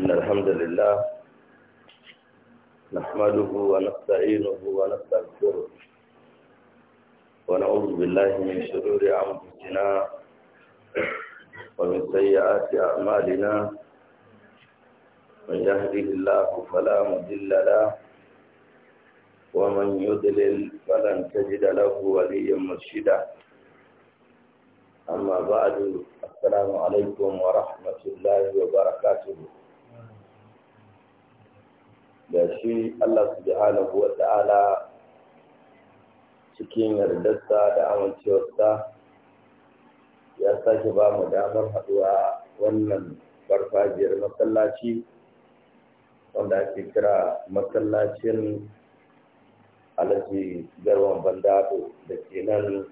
إن الحمد لله نحمده ونستعينه ونستغفره ونعوذ بالله من شرور أنفسنا ومن سيئات أعمالنا من يهده الله فلا مضل له ومن يضلل فلن تجد له وليا مرشدا أما بعد السلام عليكم ورحمة الله وبركاته da shi Allah subhanahu wa ta'ala cikin yardarsa da amincewarsa ya sake ba mu damar haɗuwa wannan farfajiyar masallaci wanda ake kira masallacin alaji garwan bandado da ke nan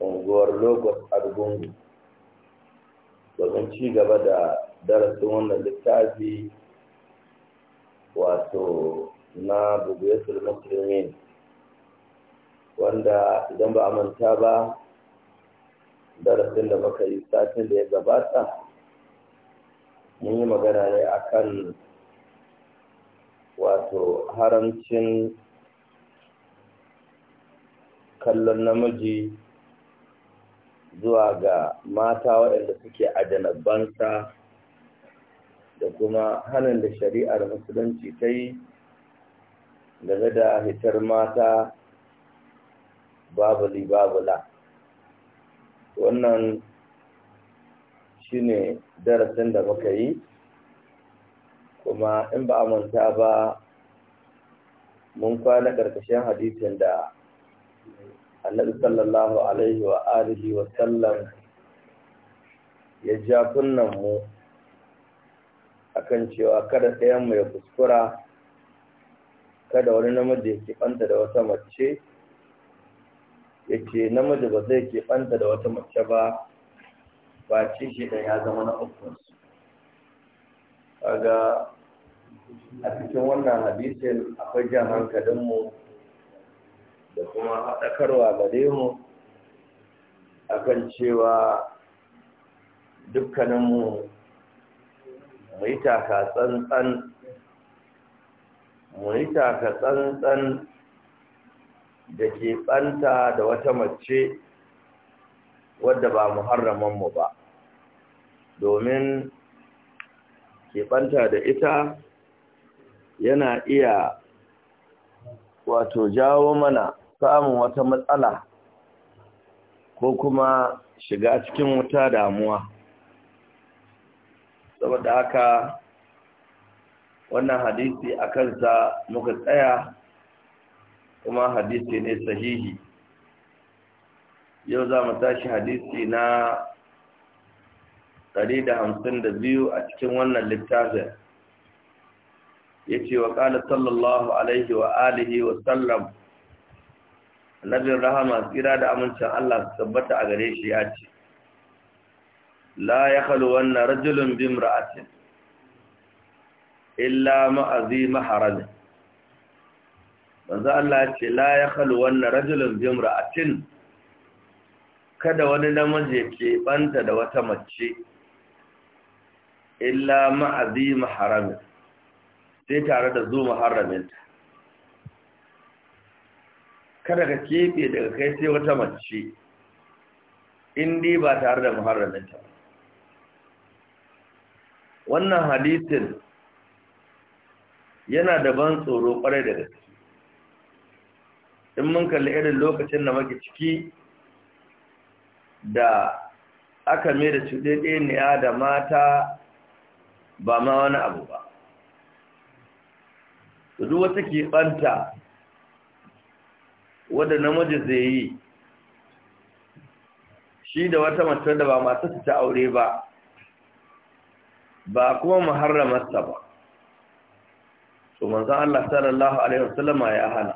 unguwar lagos argungu domin ci gaba da darasin wannan littafi wato na bugiyatul musulmin wanda idan ba a manta ba darasin da muka yi satin da ya gabata mun yi magana ne akan wato haramcin kallon namiji zuwa ga mata waɗanda suke ajanabbansa. da kuma hannun da shari'ar musulunci ta yi game da hitar mata babu libabula wannan shi ne darasin da muka yi kuma in ba a manta ba mun kwana ƙarƙashin hadisin da annabi sallallahu alaihi wa alihi wa sallam ya ja mu akan cewa kada ɗayan mu ya kuskura kada wani namiji ya keɓanta da wata mace ya ce namiji ba zai ke keɓanta da wata mace ba ba ce shi ɗan ya zama na ukunsu kaga a cikin wannan hadisin akwai jan hankalinmu da kuma haɗakarwa gare mu akan cewa dukkaninmu mu yi taka tsantsan mu yi taka tsantsan da ke ɓanta da wata mace wadda ba mu ba domin ke keɓanta da ita yana iya wato jawo mana samun wata matsala ko kuma shiga cikin wuta damuwa saboda haka wannan hadisi a kansa muka tsaya kuma hadisi ne sahihi yau za mu tashi hadisi na da 152 a cikin wannan littafin ya ce wa ƙala sallallahu alaihi wa alihi wa sallam bin rahama tsira da amincin Allah su tabbata a gare shi ya ce la ya halwanna rajulun bimra'atin illa ma'azi maharamin manzo Allah ce la ya halwanna rajulun bimra'atin kada wani namiji ya keɓanta da wata mace illa ma'azi maharamin sai tare da zo maharaminta kada ka keɓe daga kai sai wata mace indi ba tare da maharaminta ba wannan hadisin yana da ban tsoro kwarai da gaske in mun kalli irin lokacin da muke ciki da aka mai da 'ya da mata ba ma wani abu ba duk wata keɓanta wadda namiji zai yi shi da wata mace da ba masu ta aure ba ba kuma muharramarsa ba to manzan Allah sallallahu Alaihi wasallama ya hana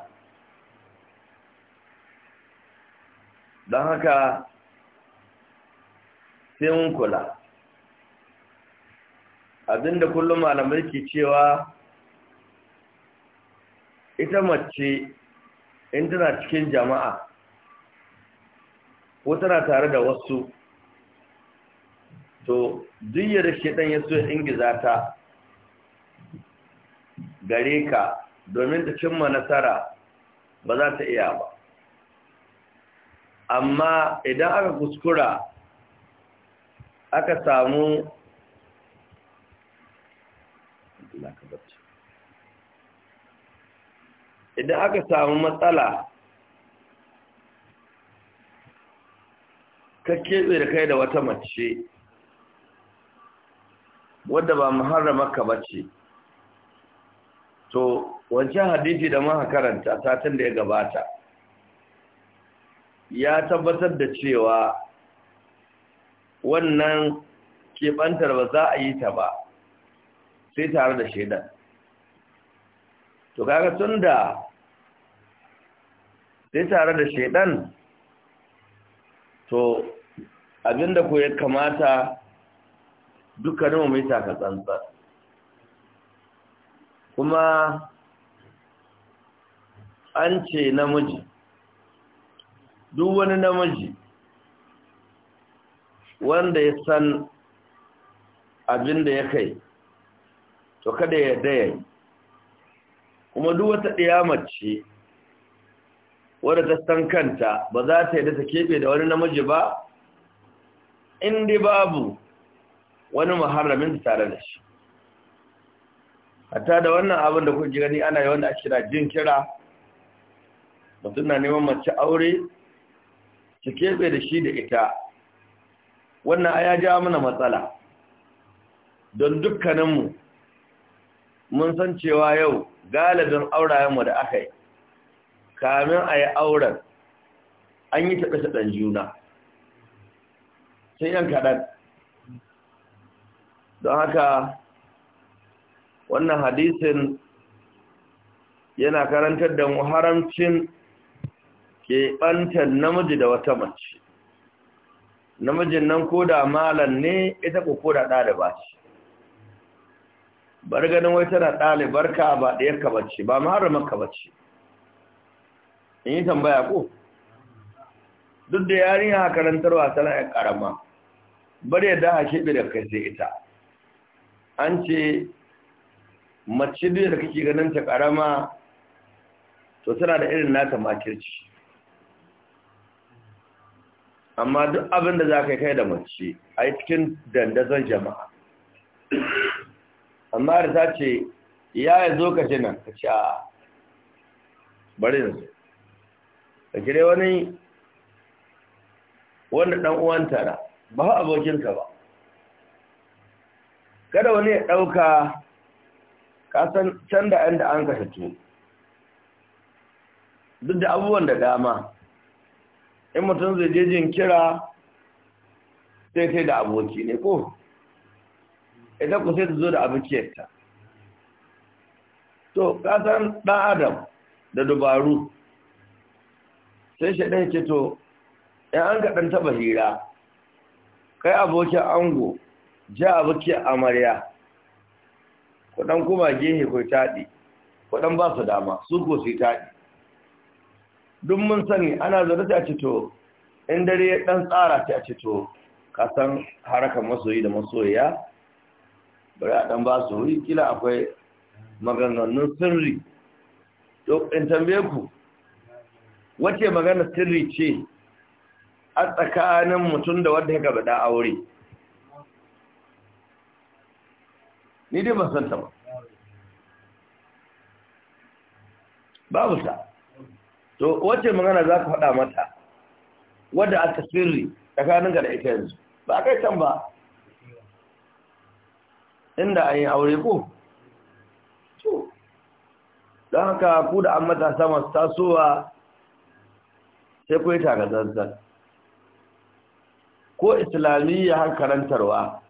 don haka sai mun kula abinda kullum malamai ke cewa ita mace in tana cikin jama'a ko tana tare da wasu to duk da shedan ya so ingiza ta gare ka domin ta cimma nasara ba za ta iya ba amma idan aka kuskura aka samu idan aka samu matsala ka keɓe da kai da wata mace wadda ba muharrama ba ce to wancan hadisi da muka karanta tun da ya gabata ya tabbatar da cewa wannan keɓantar ba za a yi ta ba sai tare da shaidan to kaga tun da sai tare da shaidan to abinda ku ya kamata dukkanin mu ta ka tsantsar kuma an ce namiji duk wani namiji wanda ya san abin da ya kai to kada ya daya kuma duk wata ɗiyamar mace wadda ta san kanta ba za ta yi da ta keɓe da wani namiji ba inda babu wani muharramin tare da shi hatta da wannan abin da kuke gani ana yi wanda ake jin kira mutum na neman mace aure su kebe da shi da ita wannan aya ja mana matsala don dukkaninmu mun san cewa yau galibin aurayenmu da aka yi kamin a yi auren an yi taɓe-taɓen juna sai yan kaɗan don haka wannan hadisin yana karantar da mu haramcin keɓantar namiji da wata mace namijin nan ko da malan ne ita ko ko da ɗaliba ce bar ganin wai tana ɗalibar ka ba ɗayar ka bace ba maharamar ka bace in yi tambaya ko duk da yarinya karantarwa tana ya ƙarama bar yadda ha sheɓe da kai sai ita an ce mace duk da kake ganin ta karama to tana da irin nata makirci amma duk abin da za ka kai da mace a yi cikin dandazon jama'a amma da ta ce ya yi zo ka ce nan ka ce a bari na ka kire wani wanda ɗan uwanta na ba abokinka ba kada wani ya ɗauka kasan can da yanda an ka tu duk da abubuwan da dama in mutum zai je jin kira sai sai da aboki ne ko idan ku sai ta zo da abokiyarta to kasan ɗan adam da dubaru sai shaɗin ce to in an ka ɗan taɓa hira kai abokin ango ja baki amarya kudan kuma gehe ko taɗi kudan ba su dama su ko su taɗi duk mun sani ana zaune ta ce to in dare ya ɗan tsara ta ce to ka san harakan masoyi da masoyiya bari a dan ba su yi kila akwai maganganun sirri to in tambaye ku wace magana sirri ce a tsakanin mutum da wanda ya gaba da aure ni dai ban santa ba babu ta to wacce magana za ka faɗa mata wadda aka sirri ga da ita yanzu ba kai can ba inda an yi aure ko to don haka ku da an matasa masu tasowa sai ku yi ko islamiyya har karantarwa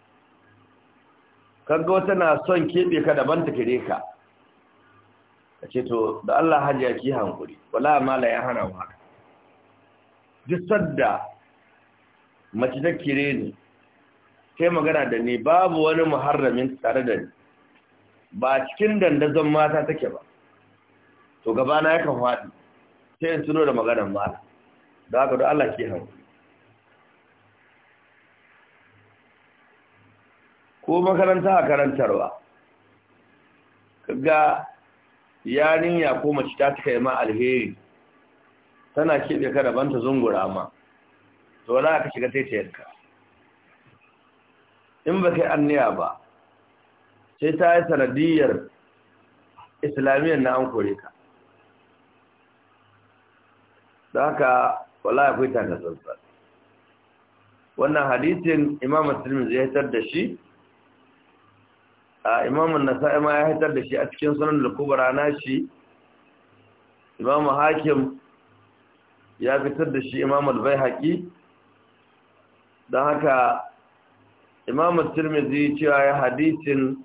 kaga wata na son keɓe ka daban ta kire ka ka ce to da Allah hajiya ki hankuri wala mala ya hana wa haka duk sadda mace ta kire ni sai magana da ni babu wani muharramin tare da ni ba cikin dandazon mata take ba to gabana yakan faɗi sai in tuno da maganar mala da haka da Allah ki hankuri ko makaranta a karantarwa kaga yarinya ko mace ta kai ma alheri tana keɓe ka daban ta zungura ma to wala ka shiga taitayarka in ba kai anniya ba sai ta yi sanadiyar islamiyyar na an kore ka da haka wala akwai takasansa wannan hadisin imam muslim zai hitar da shi imamun nasa'i ma ya hitar da shi a cikin sunan da kubara na shi imamu hakim ya fitar da shi imamu bai haƙi don haka imamu Tirmizi cewa ya hadisin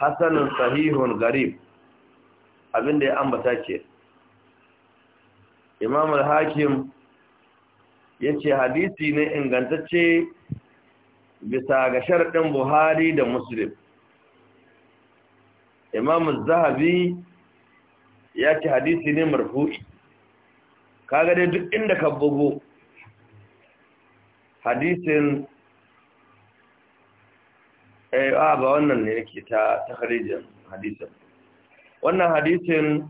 hasanun sahihun garib abinda ya ambata ke imamu hakim ya ce hadisi ne ingantacce bisa ga sharaɗin buhari da muslim imamu zahabi ya ce hadisi ne marfu'i kaga dai duk inda ka bugu hadisin eh a ba wannan ne yake ta takharijin hadisin wannan hadisin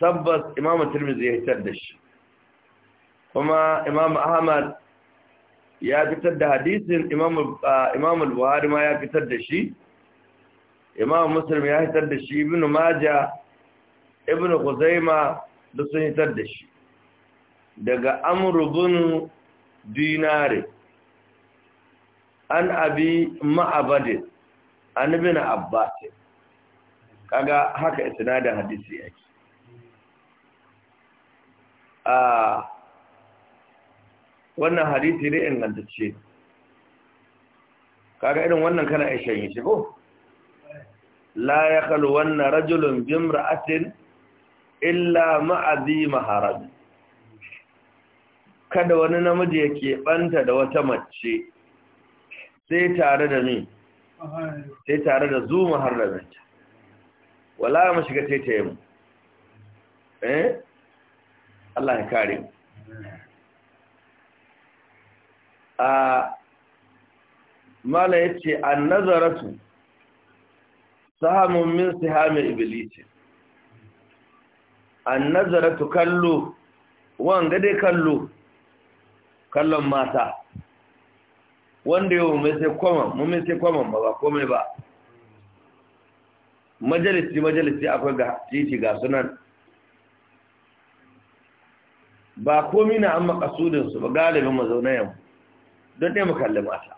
tabbas imamu tirmidhi ya fitar da shi kuma imamu ahmad ya fitar da hadisin imamu ah, buhari ma ya fitar da shi imam muslim ya hitar da shi ibn maja ibn kuzaima da sun hitar da shi daga amurubin dinare an abi ma'abadin an bin abbasin kaga haka isnadin hadisi yake a wannan hadisi ne ingantacce kaga irin wannan kana ishe yin shi ko la ya wannan rajulun bimra'atin illa ma'azi maharaj kada wani namiji ya keɓanta da wata mace sai tare da ni sai tare da zu maharramanta wala mu shiga taitaye mu eh Allah ya kare mu a mala yace an nazaratu sahamun min sihamin ibilisi an nazaratu kallo wanga dai kallo kallon mata wanda yau mai sai kwaman mummin sai kwaman ba ba komai ba majalisi majalisi akwai ga titi ga sunan ba komi na an makasudinsu ba galibin mazaunayen don ɗaya mu kalli mata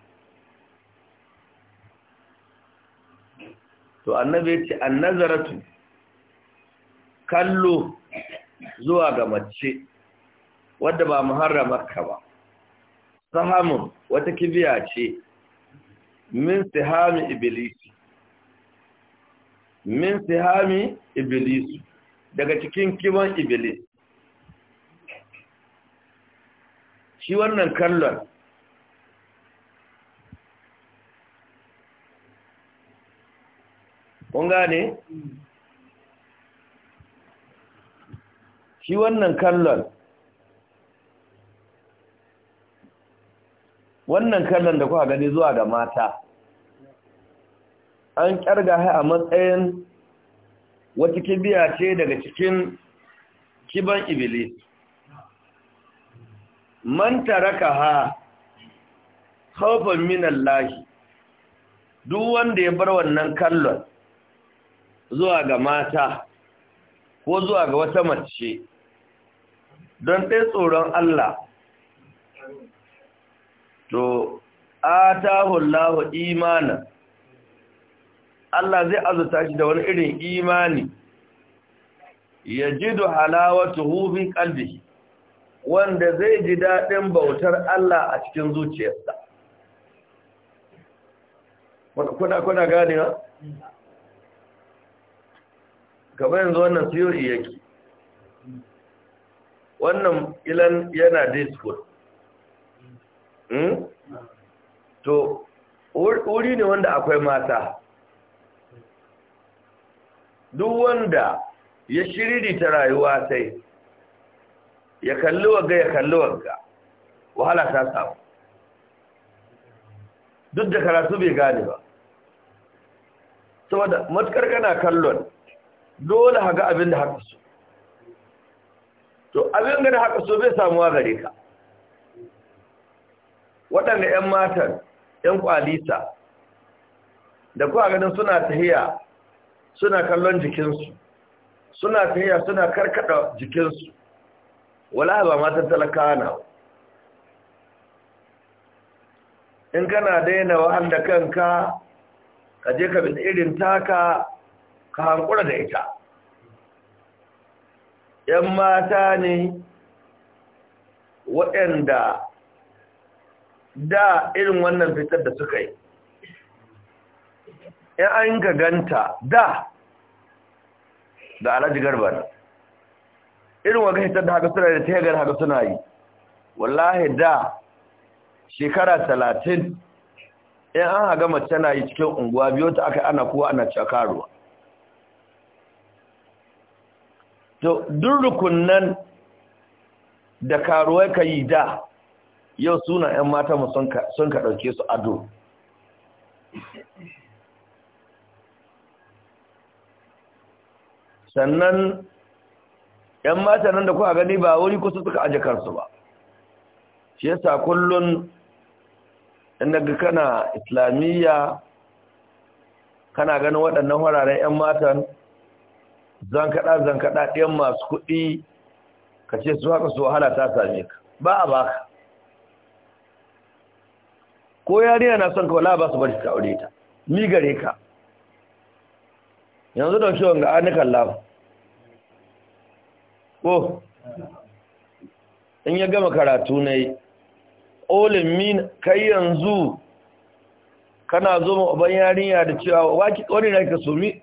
to annabi yace ce annazaratu kallo zuwa ga mace wadda ba muharramarka ba sahamun wata kibiya ce min sihami iblisi min sihami iblisi daga cikin kiban iblis shi wannan kallon kun gane shi wannan kallon wannan kallon da kuka gani zuwa ga mata an kyarga a matsayin wata kibiya ce daga cikin kiban ibilis. man taraka ha haufan lahi duk wanda ya bar wannan kallon zuwa ga mata ko zuwa ga wata mace don ɗai tsoron Allah to a ta atahullahu imanan Allah zai azuta shi da wani irin imani ya ji da halawatu hufin kalbi wanda zai ji daɗin bautar Allah a cikin zuciyarsa. Kuna kuna kamar yanzu wannan theory yake wannan ilan yana day hmm? to wuri ne wanda akwai mata duk wanda ya ta rayuwa sai ya kalli wagga ya kalli wagga wahala ta samu duk da karatu bai gane ba saboda matukar kana kallon dole haka abin da haka so to abin da haka so bai samuwa gare ka waɗanda 'yan matan 'yan kwalisa da kuwa ganin suna tahiya suna kallon jikinsu suna tahiya suna karkaɗa jikinsu wala ba matan talakawa na in kana daina wa'anda kanka ka je ka bin irin taka ka hankura da ita ‘yan mata ne waɗanda da irin wannan fitar da suka yi ‘yan an gaganta da da alhaji garban irin wa fitar da haka suna da ta yagar haka suna yi wallahi da shekara talatin ‘yan an haga mace na yi cikin unguwa biyu ta aka ana kuwa ana cakaruwa to duk rukunnan da karuwai ka yi da yau suna 'yan mata mu sun ka ɗauke su ado sannan 'yan mata nan da kuka gani ba wuri kusa suka aje karsu ba shi yasa kullun inda ga kana islamiyya kana ganin waɗannan wararen 'yan matan zan kaɗa ɗayan masu kuɗi ka ce su haka su wahala ta same ka ba a baka ko yariya na son ka wala ba su bari ka aure ta ni gare ka yanzu da shi wanga anikan lamu ko in ya gama karatu na yi olin min kai yanzu kana zo ma uban yarinya da cewa wani na ka somi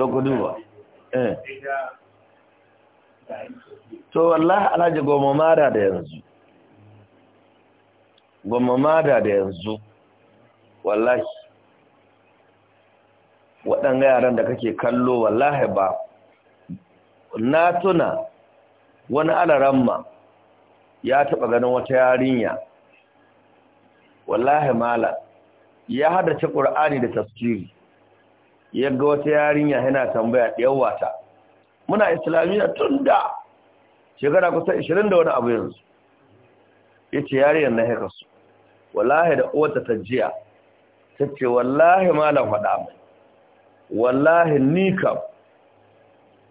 to ku duba eh wallahi alhaji goma mada da yanzu goma mada da yanzu wallahi waɗanga yaran da kake kallo wallahi ba na tuna wani alaramma ya taɓa ganin wata yarinya wallahi mala ya haddace ƙur'ani da tafsiri yaga wata yarinya yana tambaya ɗiyar wata muna islamiyya tun da shekara kusa 20 da wani abu yanzu ya ce yariyar na haka su wallahi da uwata ta jiya ta ce wallahi malam faɗa mai wallahi ni kam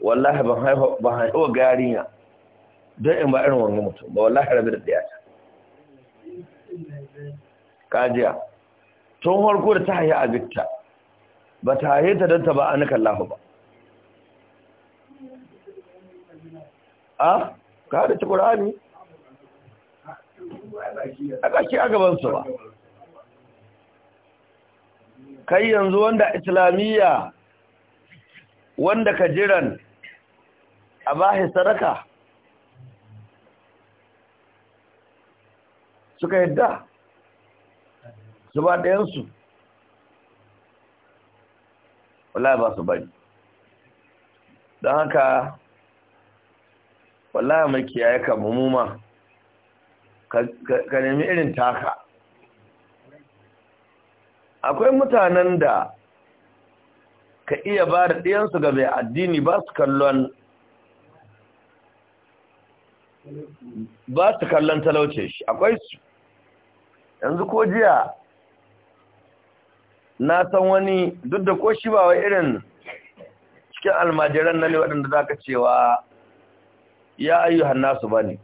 wallahi ban haihuwa ga yarinya don in ba irin wanga mutum ba wallahi rabi da ɗiyata kajiya tun harko da ta haihu a bitta ba ta haye ta don ta ba an ba a ah, ka da ci ƙurani a ƙashi a gabansu ba kai yanzu wanda islamiyya wanda ka jiran a bahi sadaka suka yadda su ba ɗayansu wallahi ba su bari don haka wallahi mai kiyaye ka mumuma ka nemi irin taka akwai mutanen da ka iya ba da ɗiyansu ga mai addini ba su kallon ba su kallon talauce shi akwai su yanzu ko jiya na san wani duk da ko shi ba wa irin cikin almajiran na ne waɗanda za ka cewa ya hannu su ba ne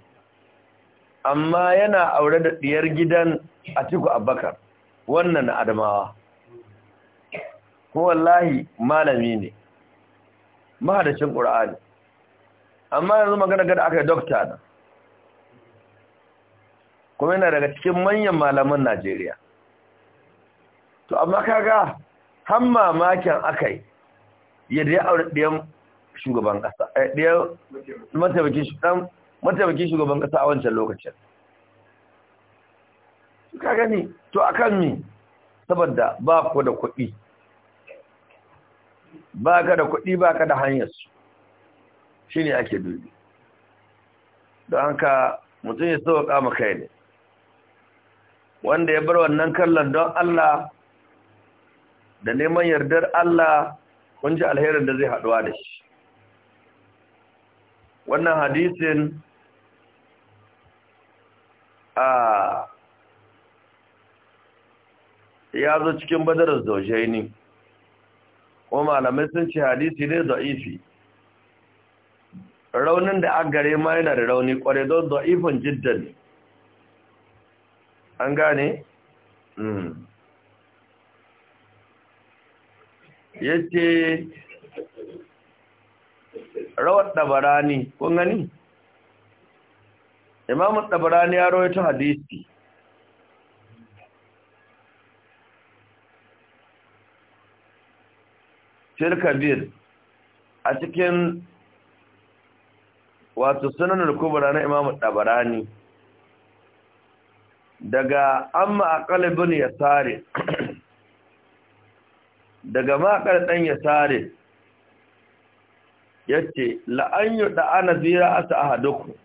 amma yana aure da ɗiyar gidan atiku abubakar wannan adamawa ko wallahi malami ne mahadashin ƙura'ani amma yanzu magana gada aka yi dokta na kuma yana daga cikin manyan malaman najeriya to amma kaga har mamakin aka yi yadda ya aure ɗiyan shugaban ƙasa eh, ɗiyan mataimakin shugaban ƙasa a wancan lokacin ka gani to akan ni saboda ba ku da kuɗi ba ka da kuɗi ba ka da hanyarsu shi ne ake dubi don hanka mutum ya sauƙa maka ne wanda ya bar wannan kallon don Allah da neman yardar Allah kun ji alherin da zai haɗuwa da shi wannan hadisin a ya zo cikin badarar zaujaini kuma malamai sun ce hadisi ne da'ifi raunin da an gare ma yana da rauni kware don da'ifin jiddan an gane? Hmm. ya ce rawar ɗabarani kun gani imamun ɗabarani ya rawaita hadisi shirkabir a cikin wato sunanar kubra na imamun ɗabarani daga amma a ya sare. daga makar ɗan ya sare ya ce la'anyu da ana zira asa a haduku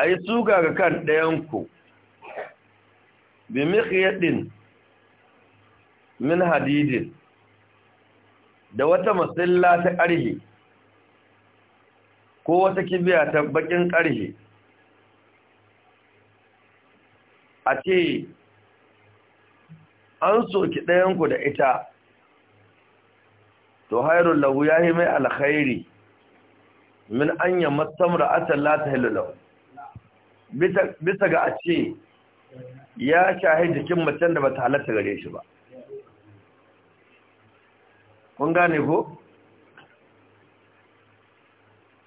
a yi suga ga kan ɗayanku bi mikhiyadin min hadidin da wata matsala ta ƙarhe ko wata kibiya ta baƙin ƙarhe a ce an soki ɗayanku da ita to hairun lahu ya yi mai alkhairi min an yi matsamra atal lati halilau bisa ga a ce ya shahi jikin macen da ba ta halatta gare shi ba kun gane ko?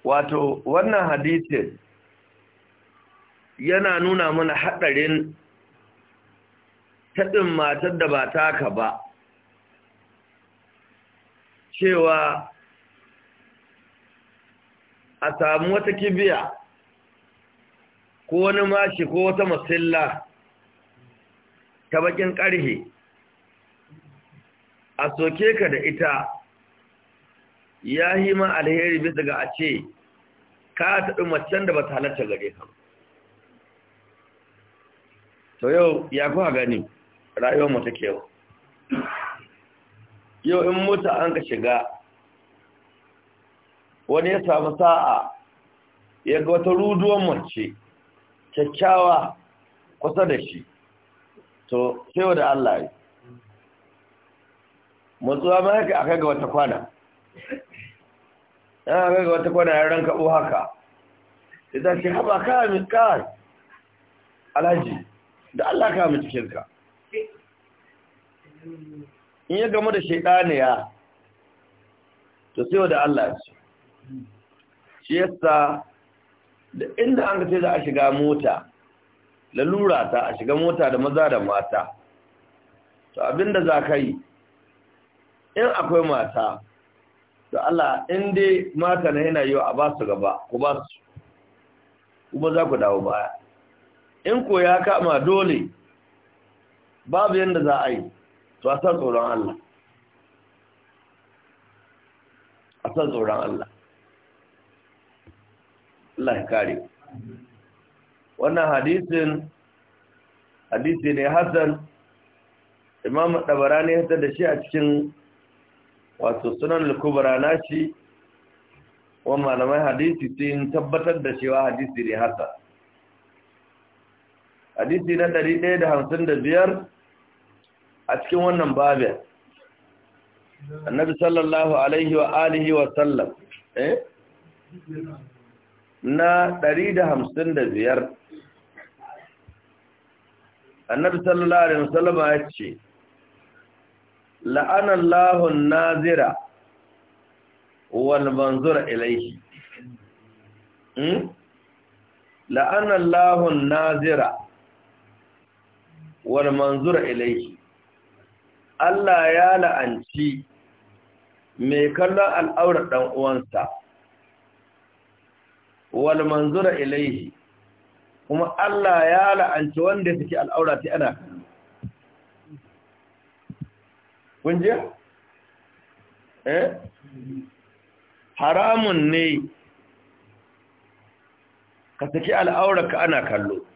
wato wannan hadithin yana nuna mana haɗarin taɗin matar da ba taka ba cewa a samu wata kibiya ko wani mashi ko wata masilla ta bakin ƙarhe a soke ka da ita ya yi ma alheri bisa ga a ce ka taɗi macen da ba ta halatta gare ka to yau ya kuwa gani rayuwar mu take yau yau in mota an ka shiga wani ya samu sa'a ya ga wata ruduwan mace kyakkyawa kusa da shi to sai da Allah yi matsuwa ma haka kai ga wata kwana ya aka ga wata kwana ya ranka ɓo haka Ita ta ce haɓa kamin kawai alhaji da Allah cikin cikinka in ya game da shaidaniya to sai da Allah ce shi yasa da inda an ga za a shiga mota lalura ta a shiga mota da maza da mata to abinda za ka yi in akwai mata da Allah in dai mata na yana yiwa a ba su gaba ku ba su kuma za ku dawo baya in ko ya kama dole babu yadda za a yi to a san tsoron Allah a san tsoron Allah Allah ya kare wannan hadisin hadisi ne Hassan Imam Dabarani ya da shi a cikin wato sunan al-kubra shi wa malamai hadisi sun tabbatar da cewa hadisi ne Hassan hadisi na 155 a cikin wannan babin annabi sallallahu alaihi wa alihi wa sallam eh na 155 annabi sallallahu alaihi wa sallam ya ce la'ana Allahun nazira wal manzura ilaihi hmm? la'ana Allahun nazira wal manzura ilaihi Allah ya la'anci mai kallon al'aurar ɗan'uwansa, uwansa wal manzura ilaihi kuma Allah ya la'anci wanda suke al'aura ta ana kunje eh haramun ne ka saki al'aura ka ana kallo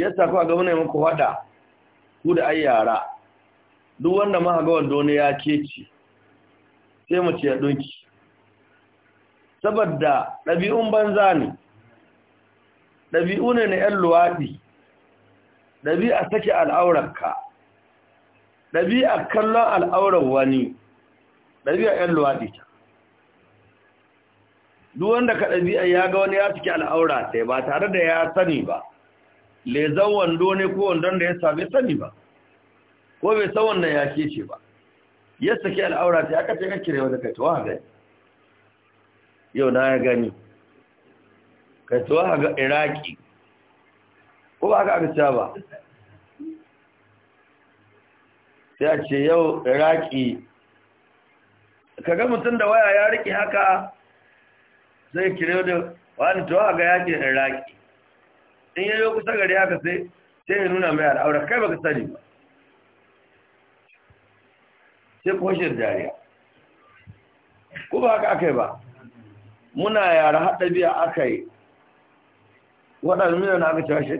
yasa ku ga muna muku hada ku da ayyara duk wanda ma ga wanda ne ya keci sai mu ci ya dunki saboda ɗabi'un banza ne ɗabi'u ne na 'yan luwaɗi ɗabi'a take al'aurarka ɗabi'a kallon al'aurar wani ɗabi'a 'yan luwaɗi ta duk wanda ka ɗabi'a ya ga wani ya suke al'aura sai ba tare da ya sani ba lezan wando ne ko wandon da ya sami sani ba ko bai san wannan ke ce ba ya saki al'aura ta aka ce kake rewa da kai tuwa gani yau na ya gani kai tuwa ga iraki ko ba ka aka ba sai a ce yau iraki kaga mutum da waya ya riƙe haka sai kire da wani tuwa ga yakin iraki in yayo kusa gari haka sai sai ya nuna mai al'aura kai baka sani ba sai kwashin dariya ko ba haka aka yi ba muna yara haɗa biya aka yi waɗanda miliyan na aka cashe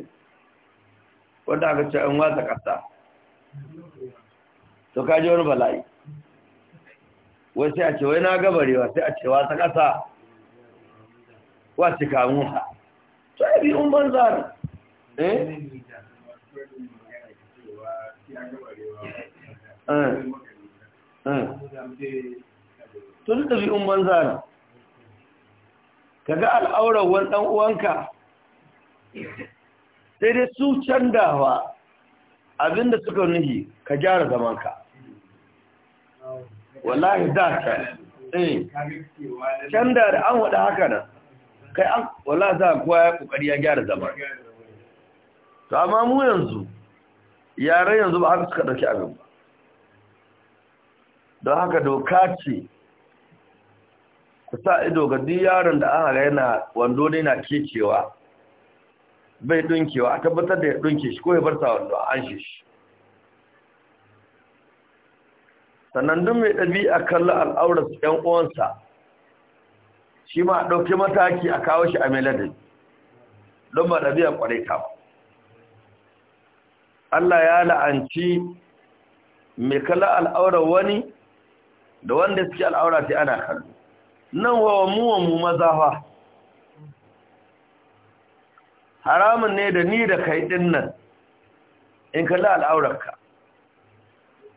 wadda aka cewa in wata ƙasa to kaji wani bala'i wai sai a ce wai na gabarewa sai a ce wata ƙasa wace kamun ha to ya biyun banzar eh? eh. Eh. tun da ɗabi'un banza ne ka ga al'aurar wani ɗan uwanka sai dai su candawa abinda suka nuhi ka gyara zamanka wallahi da ka? Eh. Canza da an waɗa haka nan kai an wallahi za a kuwa ya ƙoƙari ya gyara zaman Ka amma mu yanzu yare yanzu ba haka suka ɗauki abin ba don haka doka ce ku sa ido ga duk yaron da aka ga yana wando ne na kecewa bai dunkewa a tabbatar da ya dunke shi ko ya bar sa wando an shi shi sannan duk mai ɗabi'a kallon al'aurar su ‘yan uwansa shi ma ɗauki mataki a kawo shi a meladin don ba ɗabi'a ƙwarai ta Allah ya la'anci mai kallon al'aurar wani da wanda suke al'aura sai ana kallo nan wa mu wa mu maza fa haramun ne da ni da kai din nan in kalli al'aurarka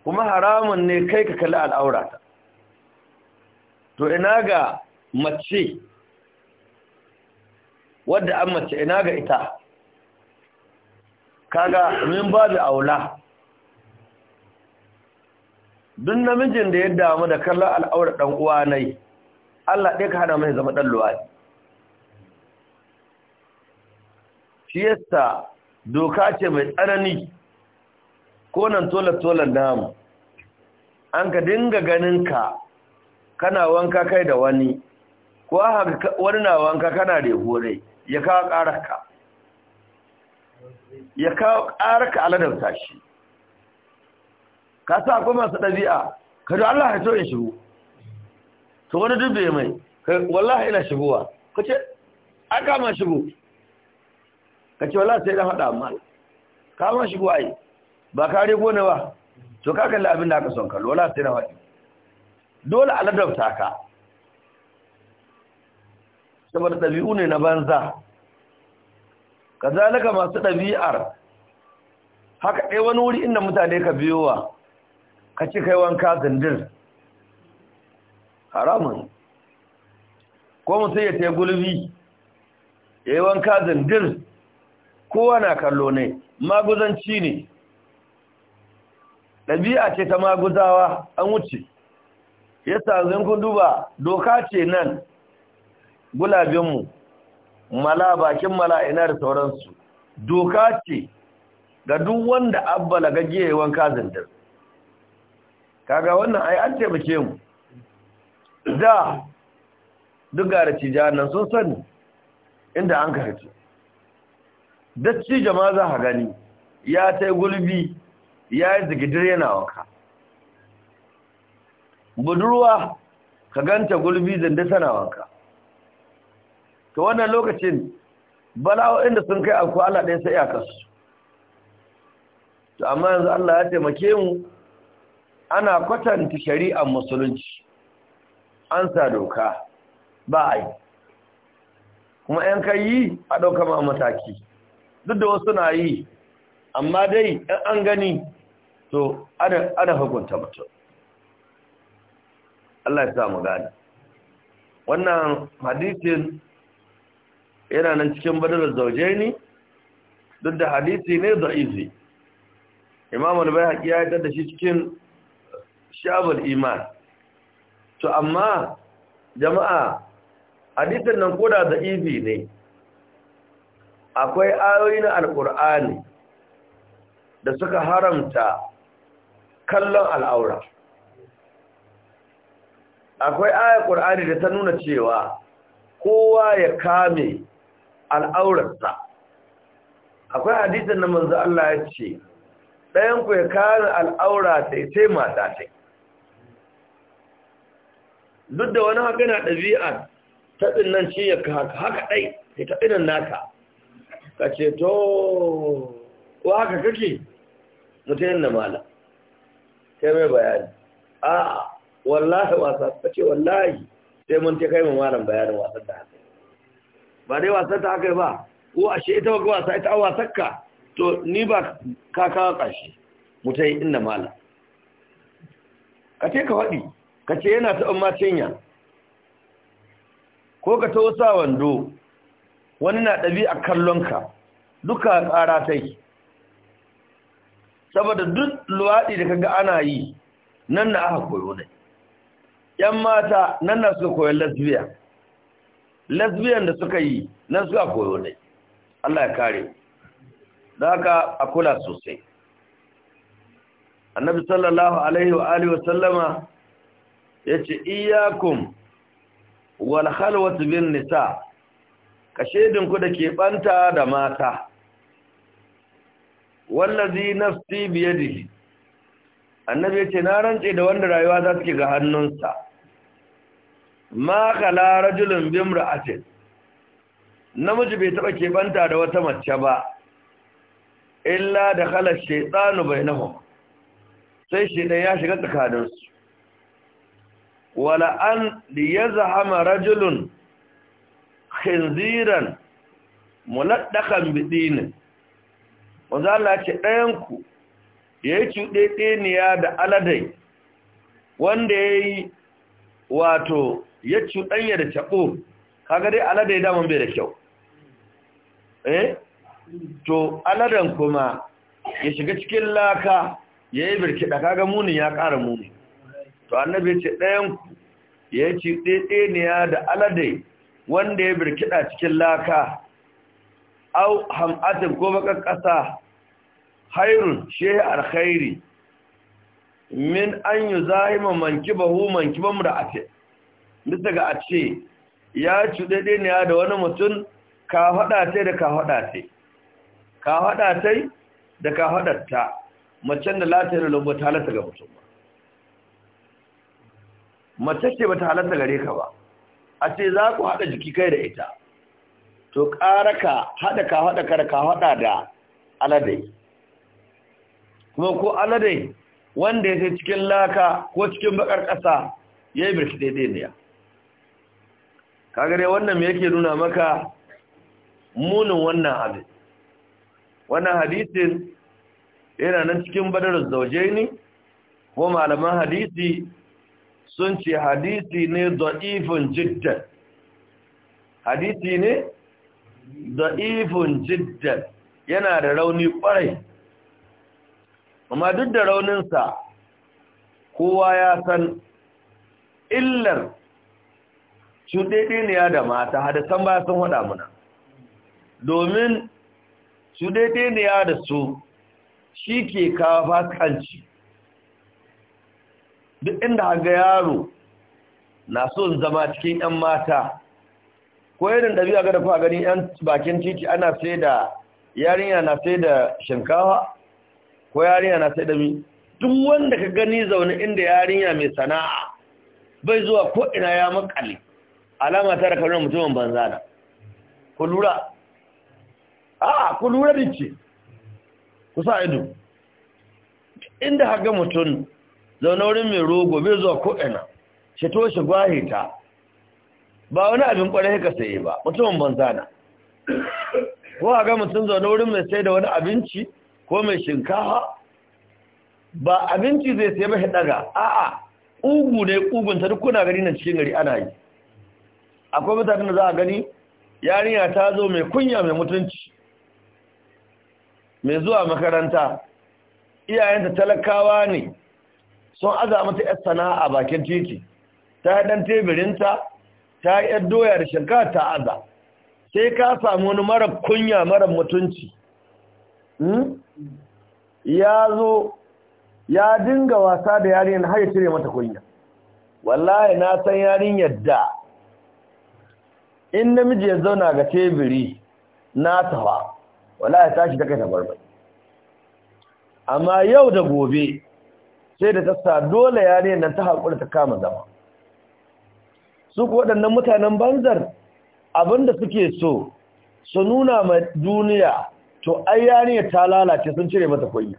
kuma haramun ne kai ka kalli al'aurata to ina ga mace wadda an mace ina ga ita kaga min babu aula Dun namijin da ya damu da kallon al'aura ɗan uwa nai Allah ɗaya ka hana mai zama ɗan luwaɗi shi yasta doka ce mai tsanani ko nan tolar-tolar namu an ka dinga ganin ka kana wanka kai da wani ko wani na wanka kana da hore ya kawo ƙararka ya kawo ƙararka aladar tashi ka sa akwai masu ɗabi'a ka da Allah ya to in shigo to wani duk bai mai wallahi ina shigowa ka ce aka ma shigo ka ce wallahi sai na faɗa amma Ka kama shigo ai ba ka rego ne ba to ka kalli abin da aka son kallo wallahi sai na faɗi dole a ladabta ka saboda ɗabi'u ne na banza Ka zalika masu ɗabi'ar haka ɗaya wani wuri inda mutane ka biyowa ka ci kai wanka zindir haramun ko mutum ya ce gulbi ya yi wanka zindir kowa na kallo ne maguzanci ne ɗabi'a ce ta maguzawa an wuce ya sazin kun duba doka ce nan gulabinmu mala bakin mala, ina da sauransu doka ce ga duk wanda abbala gage yawan kazindir kaga wannan ai an taimake mu da duk gara cijan nan sun sani inda an fito. ci jama'a za ka gani ya tai gulbi ya yi zigidir yana waka budurwa ka ganta gulbi zanda tana wanka ta wannan lokacin bala'o'in inda sun kai alƙwala ala ɗaya sai kasu. to amma yanzu Allah ya taimake mu ana kwatanta shari'ar musulunci an sa doka ba a yi kuma ‘yan kai yi a ɗauka ma mataki duk da wasu na yi amma dai ‘yan an gani to ana hukunta mutum Allah ya sa mu gani wannan hadisin yana nan cikin badalar zauje ne duk da hadisi ne da izi da bai bayhaqi ya yi da shi cikin shabul iman to amma jama'a hadisin nan koda da ibi ne akwai ayoyi na alkur'ani da suka haramta kallon al'aura akwai ayar ƙur'ani da ta nuna cewa kowa ya kame al'aurarsa akwai hadisin na manzo Allah ya ce ɗayanku ya kame al'aura ta sai mata ta duk da wani haka na ɗabi'a ta nan ce ya haka haka ɗai ya ta ɗinan naka ka ce to wa haka kake mutum na mala sai mai bayani a wallahi wasa ka ce wallahi sai mun ta kai mu malam bayanin wasan da haka ba dai wasan ta haka ba ko ashe ita waka wasa ita a wasan ka to ni ba ka kawo ƙarshe mutum inna mala ka ce ka faɗi ka ce yana taɓin macinya ko ka wasa wando wani na ɗabi a kallonka duka ƙara yi saboda duk luwaɗi da kaga ana yi nan na aka koyo ne ‘yan mata nan na suka koyon lesbian lesbiyan da suka yi nan suka koyo ne Allah ya kare da haka a kula sosai annabi sallallahu alaihi wa alihi wa sallama yace Iyakun, Walhal khalwat bin nisa kashe shaidinku da ke banta da mata wallazi nafsi biyadihi annabi ce na rantse da wanda rayuwa za ga hannunsa ma kala rajulun bimra'atin namiji bai taba keɓanta da wata mace ba illa da khalar bai bainahum sai shaidan ya shiga tsakaninsu wala an liyazhama rajulun khinziran muladdakan bidinin wanda Allah ce ɗayan ku cuɗe cuɗeɗeniya da aladai wanda ya yi wato ya cuɗanya da caɓo kaga dai aladai daman bai da kyau eh to aladan kuma ya shiga cikin laka ya yi birkiɗa kaga munin ya ƙara muni to annabi ce ɗayan ku ya ce ɗaiɗe ne ya da alade wanda ya birkiɗa cikin laka au ham'atin ko bakan ƙasa hairun shehe alkhairi min an yi zahima mankibahu mankiban ra'ate bisa ga a ce ya ci ɗaiɗe ne ya da wani mutum ka haɗa ta da ka haɗa ta ka haɗa ta da ka haɗa ta macen da latin da lubata ga mutum ba mace ce bata halatta gare ka ba a ce za ku haɗa jiki kai da ita to ƙara ka haɗa ka haɗa ka ka haɗa da aladai kuma ko aladai wanda ya sai cikin laka ko cikin bakar ƙasa ya yi birki daidai ne ya kagare wannan me yake nuna maka munin wannan abin wannan hadisin yana nan cikin badar zauje ne ko malaman hadisi sun ce hadisi ne da'ifun jiddan hadisi ne da'ifun jiddan yana da rauni kwarai amma duk da rauninsa kowa ya san illar cuɗeɗeniya da mata hadisan ba sun haɗa muna domin cuɗeɗeniya da su shi ke kawo faskanci duk inda ga yaro na son zama cikin 'yan mata ko irin ɗabi'a ga kuma gani 'yan bakin titi ana sai da yarinya na sai da shinkawa ko yarinya na sai da mi duk wanda ka gani zaune inda yarinya mai sana'a bai zuwa ko ina ya makale alama ta da kaunar mutumin banza ku lura a ku lura da ce ku sa ido inda haga mutum zaune wurin mai rogo bai zuwa ko'ina shi gwahi ta. ba wani abin kwarai ka saye ba mutumin banzana ko a ga mutum zaune wurin mai sai da wani abinci ko mai shinkawa? ba abinci zai sai mashi daga a'a ugu ne ugunta duk kuna gani na cikin gari ana yi akwai mutanen da za a gani yarinya ta zo mai kunya mai mutunci mai zuwa makaranta iyayenta talakawa ne sun aza mata yar sana'a bakin titi ta yi ɗan teburinta ta yi yar doya da shinkafa ta aza sai ka samu wani mara kunya mara mutunci hmm? ya zo ya dinga wasa da yarinyar har ya cire mata kunya wallahi na san yarinyar da in namiji ya zauna ga teburi na tawa wallahi tashi ta kai ta barbai amma yau da gobe sai da ta sa dole ne nan ta haƙura ta kama zama su ku waɗannan mutanen banzar da suke so su nuna ma duniya to ai yare ta lalace sun cire mata koyi.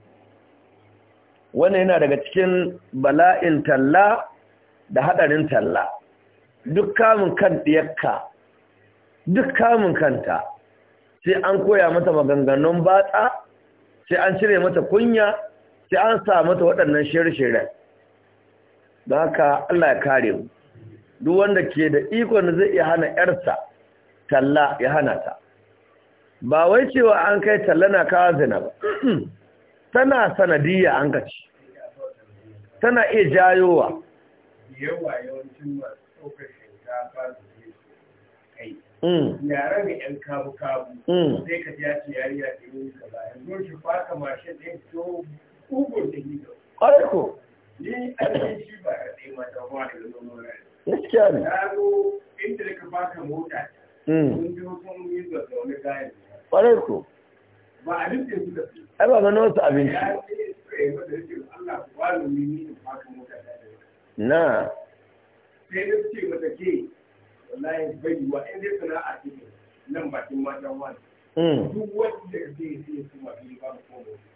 wannan yana daga cikin bala'in talla da haɗarin talla duk kamun kan ɗiyakka duk kamun kanta sai an koya mata maganganun batsa sai an cire mata kunya sai an sa mata waɗannan shirye-shiryen don haka Allah ya kare mu duk wanda ke da ikon da zai iya hana ƴarsa talla ya hana ta ba wai cewa an kai talla na kawo zina ba tana sanadiyya an kaci tana iya jayowa yawa yawancin masu ɗaukar shinkafa su kai mm. yara yan kabu-kabu mm. sai ka ya ce ƙwarai ko ni a shi ba ka tsaye mata ba da zama rai gaskiya ne na zo inda da ka baka mota hmm. mun biyo sun yi da wani gayan ƙwarai ko ba abinci su da su ai ba gano wasu abinci na sai da ce mata ke wallahi bai wa in dai sana'a ce nan bakin mata wani hmm. duk wanda zai sai su ma ba mu komo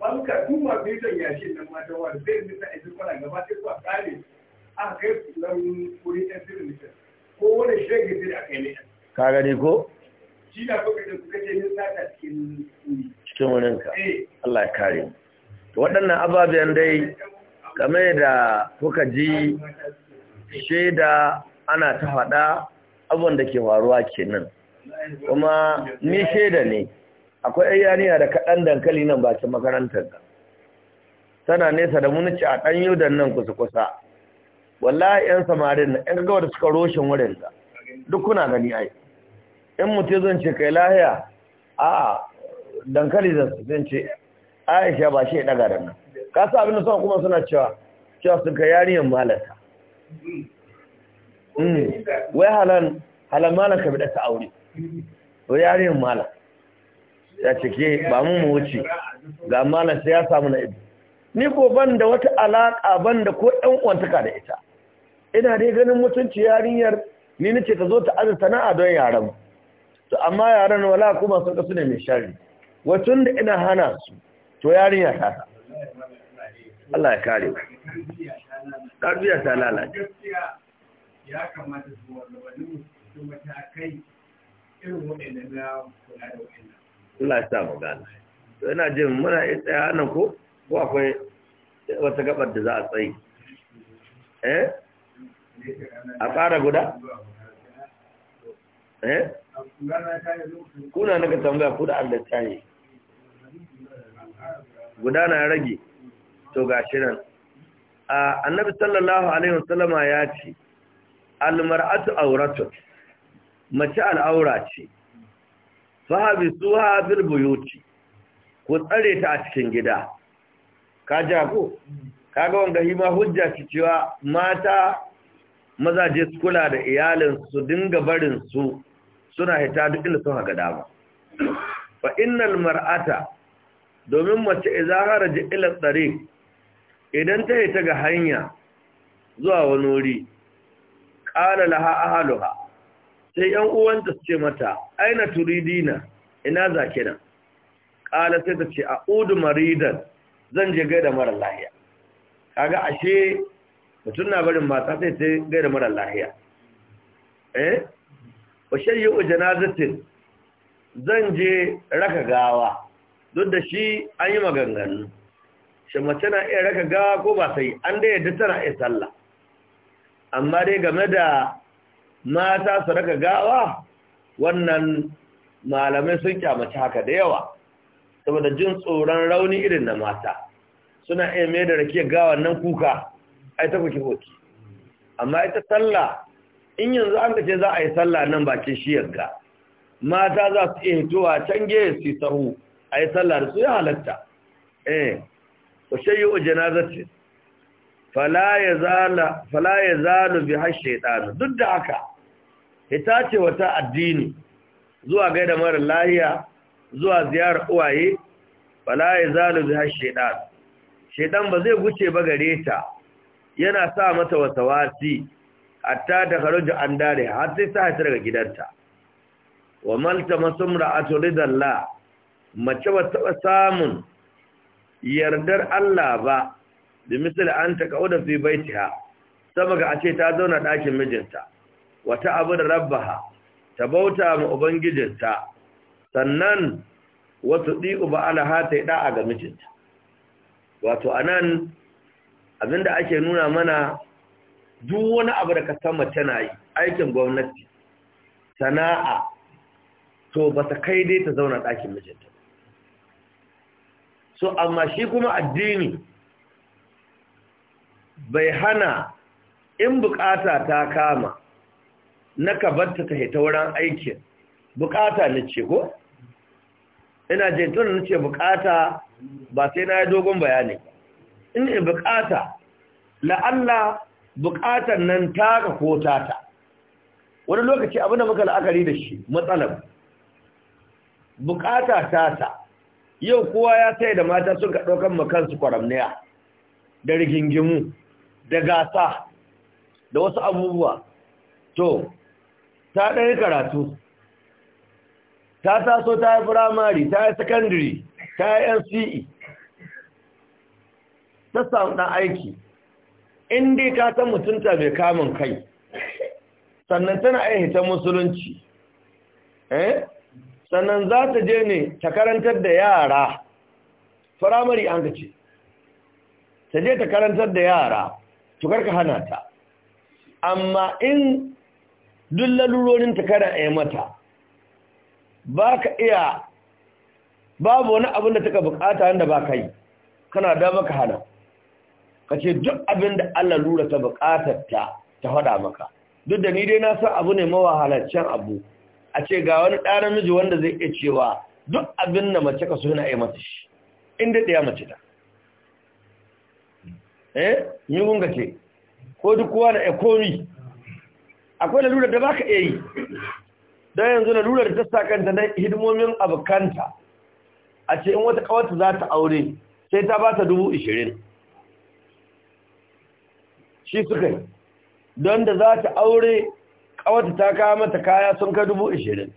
ban nan mata wa zai nisa a gaba kare kai nisa ko wani nisa. ka gani ko? shi da kuka kuka ce nisa ta cikin cikin wurin ka eh. Allah ya kare mu waɗannan ababen dai game da kuka ji shaida ana ta faɗa abin da ke faruwa kenan kuma ni shaida ne akwai ayyaniya da kaɗan dankali nan bakin makarantar ta tana nesa da munici a ɗan yudan nan kusa-kusa wallahi 'yan samarin na 'yan gawar suka roshin wurin da duk kuna gani ai in mutu zan ce kai lahiya a dankali da su zan ce aisha ba shi ya ɗaga da nan ka sa abin da suna kuma suna cewa cewa su ka yariyan malata hmm. wai halan halan ka bi ɗasa aure wai yariyan malata ya ce ke ba mu mu wuce ga malam sai ya samu na ido ni ko ban da wata alaka ban da ko ɗan uwantaka da ita ina dai ganin mutunci yarinyar ni nace ta zo ta aza sana'a don yaran to amma yaran wala kuma sun kasu ne mai sharri wacin da ina hana su to yarinya ta Allah ya kare ka tarbiya ta lalace ya kamata su wallahi kai irin waɗannan na kula da waɗannan Allah ya sa mu gane to ina jin muna iya tsaya nan ko ko akwai wata gabar da za a tsayi eh a fara guda eh kuna na ka tambaya ku da Allah ta yi guda na rage to gashi nan annabi sallallahu alaihi wasallama ya ce almar'atu auratu mace al'aura ce fahabi suha bil buyuti ku tsare ta a cikin gida ka jago kaga wanda hima hujja ci cewa mata mazaje su kula da iyalin su dinga barin su suna hita duk inda sun haga dama fa innal mar'ata domin mace izahara ji ila tsare idan ta ta ga hanya zuwa wani wuri qala laha ahluha sai ‘yan uwanta su ce mata, aina turidina, ina za kina, ƙala sai ta ce, a udu maridan zan je gaida mara lahiya. Kaga ashe mutum na barin mata sai sai gaida mara lahiya. Eh? Ba shayyi ujanazatin zan je raka gawa, duk da shi an yi maganganu. shi mace na iya raka gawa ko ba sai an da yadda tana iya sallah. Amma dai game da mata su raka gawa wannan malamai sun kyamaci haka da yawa saboda jin tsoron rauni irin na mata suna iya mai da rake gawan nan kuka ai ta kuki hoti amma ita sallah in yanzu an kace za a yi sallah nan bakin shi yagga mata za su iya hitowa can geye su sahu a yi sallah da su ya halatta eh wa shayyu janazati fala yazalu bi hashaytanu duk da haka hita ce wata addini zuwa gaida mara lahiya zuwa ziyarar uwaye bala ya zalu biha shaitan Shaiɗan ba zai guce ba gare ta yana sa mata wasi. hatta ta kharuju an dare har sai ta haitar daga gidanta wa malta masumra aturidalla mace ba taɓa samun yardar Allah ba bi misali an ta kauda fi baitiha sama ga ace ta zauna dakin mijinta wata abu da rabbaha ta bauta ma ubangijinta sannan wasu ɗi'u ba alaha ta yi ɗa'a ga mijinta wato a nan abinda ake nuna mana duk wani abu da ka san mace na yi aikin gwamnati sana'a to ba ta kai dai ta zauna ɗakin mijinta so amma shi kuma addini bai hana in bukata ta kama na ka batta ta hita wurin aikin bukata na ce ko ina je tun na ce bukata ba sai na yi dogon bayani ina bukata la'alla bukatan nan ta ka ko tata wani lokaci abinda muka la'akari da shi matsalar bukata tata yau kowa ya sai da mata sun ka ɗaukan makansu kwaramniya da rigingimu da gasa da wasu abubuwa to ta ɗaya karatu ta taso ta yi firamari ta yi sakandiri ta yi nce ta samu ɗan aiki inda ka san mutunta mai kamun kai sannan tana ta musulunci eh sannan za ta je ne ta karantar da yara firamari an ka ce ta je ta karantar da yara tukar ka hana ta amma in duk lalurorin ta kana a mata ba ka iya babu wani abin da taka bukata wanda ba ka yi kana dama ka hana ka ce duk abin da Allah lura ta bukatar ta ta maka duk da ni dai na san abu ne mawahalaccen abu a ce ga wani ɗan namiji wanda zai iya cewa duk abin da mace ka so yana yi mata shi inda ɗaya mace ta eh ni gunga ce ko duk kowa na ekomi akwai lalurar da ba ka iya yi don yanzu lalurar da ta sakanta na hidimomin abokanta a ce in wata kawata za ta aure sai ta ba ta dubu ishirin shi suka yi don da za ta aure kawata ta kawo mata kaya sun ka dubu ishirin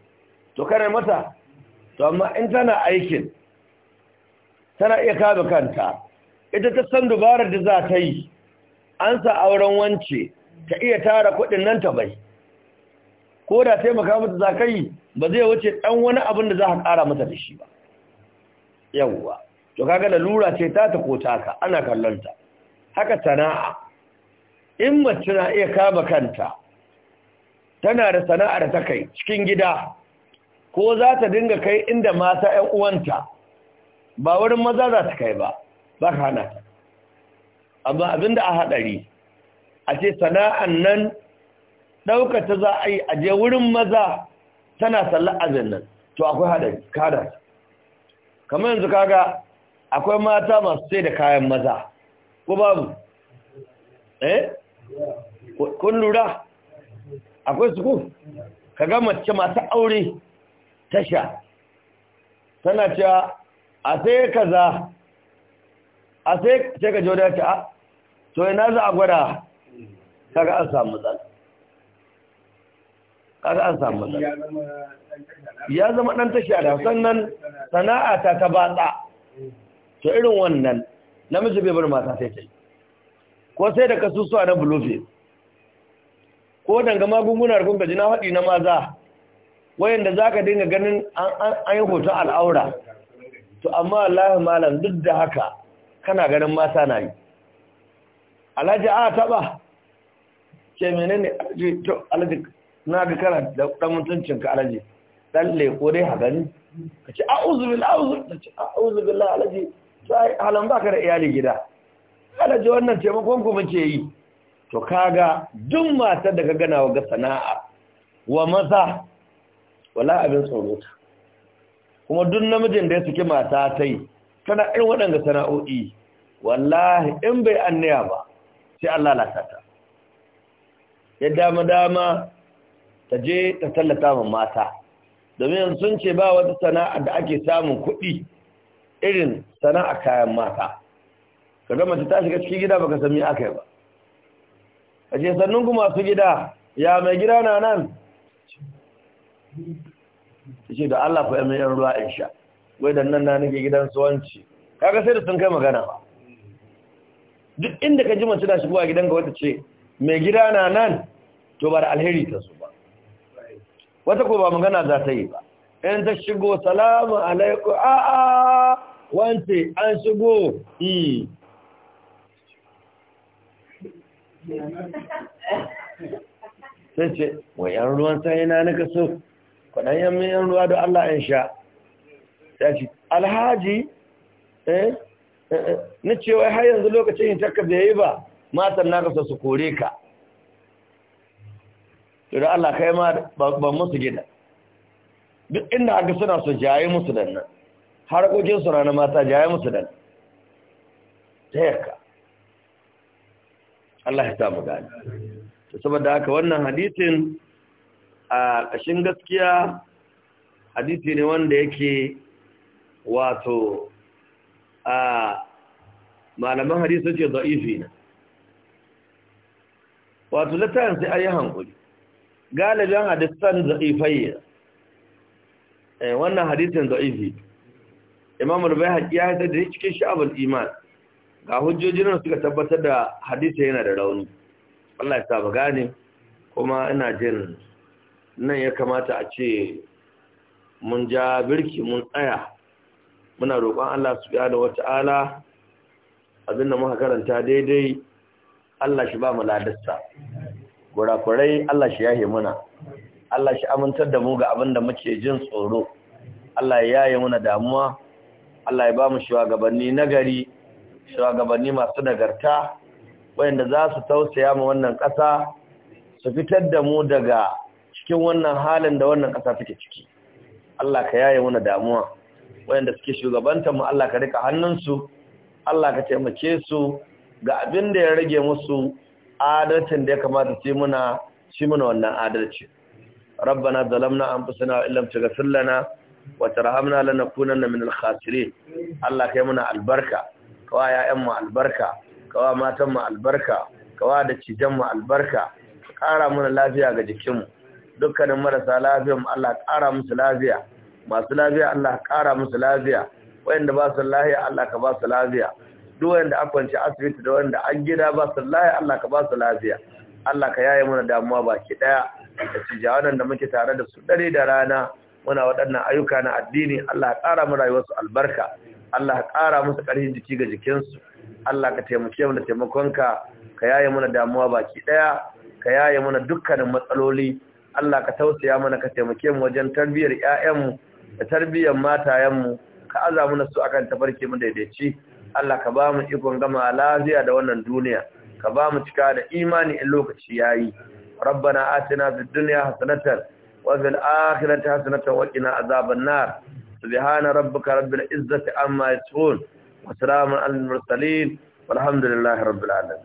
to kare mata to amma in tana aikin tana iya kawo kanta ita ta san dubarar da za ta yi an sa auren wance ta iya tara kuɗin nan ta bai ko da taimaka mata zakai ba zai wuce dan wani abin da za ka kara mata da shi ba yawwa to kaga da lura ce ta ta ko taka ana kallon ta haka sana'a in mace na iya kaba kanta tana da sana'ar ta kai cikin gida ko za ta dinga kai inda mata 'yan uwanta ba wurin maza za ta kai ba ba ka hana ta amma abinda a haɗari a ce sana'an nan ɗaukata za a yi a je wurin maza tana sallar azin nan to akwai haɗari kada kamar yanzu kaga akwai mata masu sai da kayan maza ko babu eh kun lura akwai suku ka gama mace masu aure tasha tana cewa a sai kaza a sai sai ka jodace a ah, to ina za a gwada kaga an samu matsala kaga an samu matsala ya zama dan tasha da sannan sana'a ta ta batsa to irin wannan namiji bai bar mata sai ta yi ko sai da kasusuwa na bulofe ko danga magunguna da na haɗi na maza wayanda za ka dinga ganin an yi hoton al'aura to amma Allah malam duk da haka kana ganin mata na yi alhaji a taɓa ce menene alaji to alaji na ga kana da dan mutuncin ka alaji dan leko dai haka ne ka ce a'udhu billahi a'udhu ce a'udhu billahi alaji sai halan baka da iyali gida alaji wannan taimakon ku muke yi to kaga duk matar da ka gana wa ga sana'a wa maza wala abin tsoro ta kuma duk namijin da ya suke mata tai tana irin waɗanda sana'o'i wallahi in bai annaya ba sai Allah lalata ta ya dama dama ta je ta tallata ma mata domin sun ce ba wata sana'a da ake samun kuɗi irin sana'a kayan mata ka mace ta shiga cikin gida baka san me aka yi ba a ce sannan kuma masu gida ya mai gida na nan ta ce da Allah fa yan ruwa in sha wai da nan na nake gidan suwanci kaga sai da sun kai magana ba. duk inda ka ji mace na shigowa gidanka wata ce mai gida na nan to ba da alheri ta su ba wata ko ba magana za ta yi ba ɗan ta shigo salamu alaikun a a wance an shigo yi e. sai ce wai yan ruwan sanyina na nika so kwaɗan yan yan ruwa da Allah in sha ya ce alhaji eh, eh, eh na ce wai har yanzu lokacin yin takka bai yi ba matan kasa su kore ka to da Allah kai ma ban musu gida duk inda aka suna su jaye musu dan nan har harkokin su rana mata jaye musu dan ta yaka Allah ya samu gani saboda haka wannan hadisin a kashin gaskiya hadisi ne wanda yake wato a malaman hadisi ce da'ifi na wato littafin sai ayi hankuri galibin hadisan da'ifai eh wannan hadisin da'ifi Imam al-Baihaqi ya haɗa da cikin sha'abul iman ga hujjojin da suka tabbatar da hadisi yana da rauni Allah ya sa ba gane kuma ina jin nan ya kamata a ce mun ja birki mun tsaya muna roƙon Allah subhanahu wata'ala abinda muka karanta daidai Allah shi ba mu ladarsa kurakurai Allah shi yahe muna Allah shi amintar da mu ga abin da muke jin tsoro Allah ya yaye muna damuwa Allah ya ba mu shugabanni nagari shugabanni masu nagarta wayanda za su tausaya mu wannan ƙasa su fitar da mu daga cikin wannan halin da wannan ƙasa take ciki Allah ka yaye muna damuwa wayanda suke shugabantar mu Allah ka rika hannunsu Allah ka taimake su ga abin da ya rage musu adalcin da ya kamata ce muna shi muna wannan adalci rabbana zalamna anfusana wa illam taghfir lana wa tarhamna lanakunanna min al-khasirin Allah kai muna albarka kawa ya'yan mu albarka kawa matan mu albarka kawa da cijan mu albarka kara muna lafiya ga jikin mu dukkanin marasa lafiya mu Allah kara musu lafiya masu lafiya Allah kara musu lafiya wayanda ba su lafiya Allah ka ba su lafiya duk wanda an kwanci asibiti da wanda an gida ba su laye Allah ka ba su lafiya Allah ka yaye mana damuwa baki daya da tijawanan da muke tare da su dare da rana muna waɗannan ayyuka na addini Allah ya ƙara mu rayuwarsu albarka Allah ya ƙara musu ƙarfin jiki ga jikinsu Allah ka taimake mu da taimakonka ka yaye mana damuwa baki daya ka yaye mana dukkanin matsaloli Allah ka tausaya mana ka taimake mu wajen tarbiyyar ƴaƴanmu da tarbiyyar matayenmu ka aza mana su akan tafarki mu daidaici Allah ka ba mu ikon gama lafiya da wannan duniya ka ba mu cika da imani in lokaci yayi rabbana atina fid dunya hasanatan wa fil akhirati hasanatan wa qina azaban nar subhana rabbika rabbil izzati amma yasifun wa salamun alal mursalin والحمد لله رب